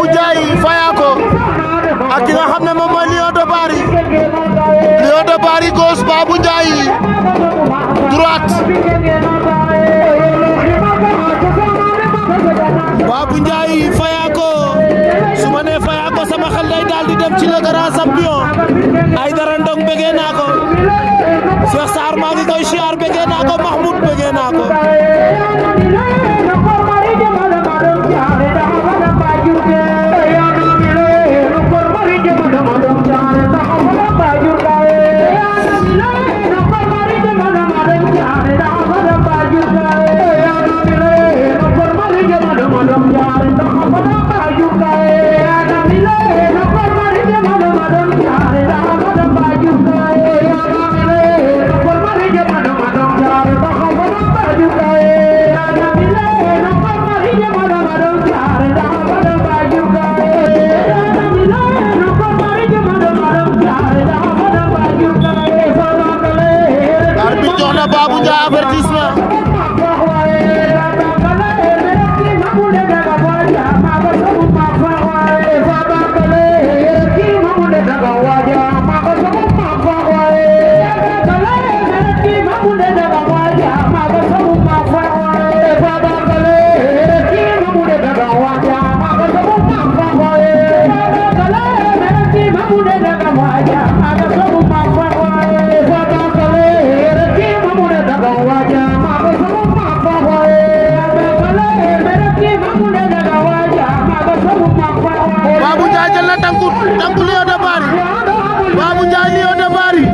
bu jaay fayaa ko ak ki nga xam ne moom mooy Lion de Barry Lion de Barry gauche Babou Ndiaye droite Babou Ndiaye ko su ma nee fayaa ko sama xel day daal dem ci le grand champion ay dara ndong bëggee naa ko Cheikh Sarr maa ngi koy siyaar bëggee naa ko Mahmoud bëggee naa ko nga avertissement ma Jalla tangku tangku ni ada bari. Babu Jali ada bari.